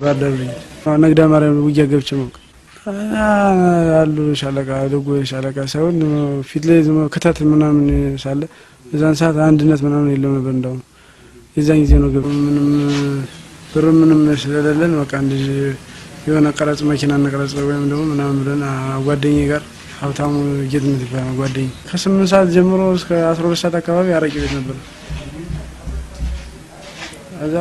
ባህርዳር ነግዳ ማርያም ውጊያ ገብቼ ማውቅ አሉ ሻለቃ ደጎ ሻለቃ ሳይሆን ፊት ላይ ክተት ምናምን ሳለ እዛን ሰዓት አንድነት ምናምን የለም ነበር። እንዳሁም የዛን ጊዜ ነው ገብ ምንም ብር ምንም ስለሌለን በቃ አንድ የሆነ ቀረጽ መኪና እንቀረጽ ወይም ደግሞ ምናምን ብለን ጓደኝ ጋር ሀብታሙ ጌትነት ይባላል ጓደኝ ከስምንት ሰዓት ጀምሮ እስከ አስራ ሁለት ሰዓት አካባቢ አረቂ ቤት ነበር እዛ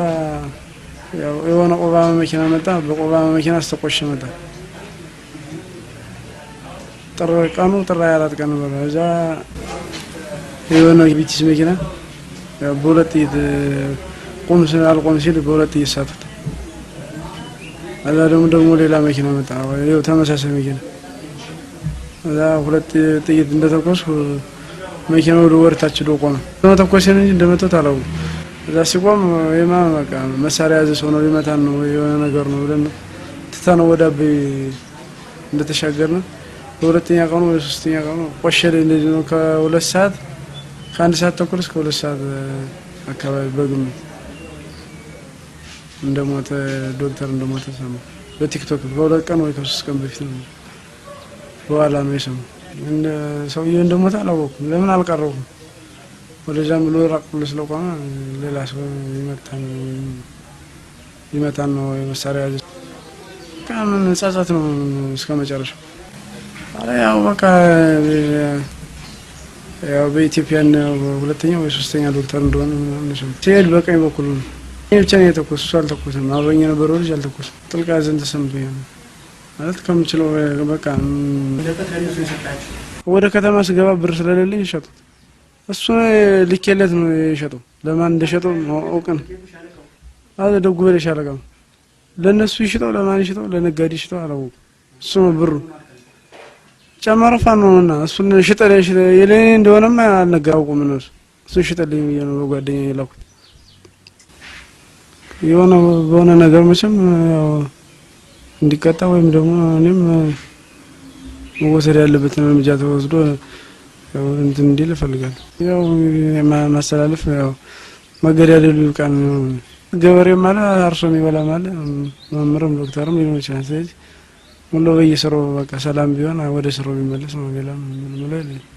ያው የሆነ ቆባማ መኪና መጣ። በቆባማ መኪና አስተቆሽ መጣ። ጥር ቀኑ ጥር አራት ቀን ነበር። እዛ የሆነ ቢቲስ መኪና በሁለት ጥይት ቁም አልቆም ሲል በሁለት ጥይት ሳቱት። እዛ ደግሞ ደግሞ ሌላ መኪና መጣ። ይኸው ተመሳሳይ መኪና እዛ ሁለት ጥይት እንደተኮስኩ መኪናው ወደ ወርታች ዶቆ ነው። መተኮሴን እንጂ እንደመቶት አላውቅም። እዛ ሲቆም የማ በቃ መሳሪያ ያዘ ሰው ነው ሊመታን ነው የሆነ ነገር ነው ብለን ትተነው ወደ አበይ እንደተሻገርን በሁለተኛ ቀኑ ወይ ሶስተኛ ቀኑ ቆሸለ እንደዚህ ነው። ከሁለት ሰዓት ከአንድ ሰዓት ተኩል እስከ ሁለት ሰዓት አካባቢ በግምት እንደሞተ ዶክተር እንደሞተ ሰማ በቲክቶክ በሁለት ቀን ወይ ከሶስት ቀን በፊት ነው በኋላ ነው የሰማ። ሰውዬው እንደሞተ አላወኩም። ለምን አልቀረውም ወደዛም ብሎ ራቅ ብሎ ስለቆመ ሌላ ሰው ይመታን ነው የመሳሪያ ያዘ። ምን ጸጸት ነው እስከ መጨረሻው። ኧረ ያው በቃ ያው በኢትዮጵያን ሁለተኛ ወይ ሶስተኛ ዶክተር እንደሆነ ምናምን ሲሄድ በቀኝ በኩል ነው ብቻ ነው የተኮሱ። እሱ አልተኮሰም። አብሮኝ የነበረው ልጅ አልተኮሰም። ጥልቅ ሐዘን ተሰምቶኛል ማለት ከምችለው በቃ ወደ ከተማ ስገባ ብር ስለሌለኝ ይሸጡት እሱ ልኬለት ነው የሸጠው። ለማን እንደሸጠው ማወቅ ነው። አለ ደጉ በለሽ ሻለቃ ነው። ለእነሱ ይሽጠው ለማን ይሽጠው ለነጋዴ ይሽጠው አላወቁም። እሱ ነው ብሩ ጨመረ ፋኖ ነውና እሱን ሽጠልኝ የለኔ እንደሆነም አልነገር አውቁም እነሱ እሱን ሽጠልኝ ብዬ ነው ጓደኛ የላኩት። የሆነ በሆነ ነገር መቼም ያው እንዲቀጣ ወይም ደግሞ እኔም መወሰድ ያለበት እርምጃ ተወስዶ እንትን እንዲል እፈልጋለሁ። ያው ማስተላለፍ ያው መገዳደሉ ይብቃን። ገበሬም አለ አርሶ የሚበላም አለ መምህርም ዶክተርም ሊሆን ይችላል። ስለዚህ ሙሉ በየስራው በቃ ሰላም ቢሆን ወደ ስራው ቢመለስ ነው። ሌላም ምንም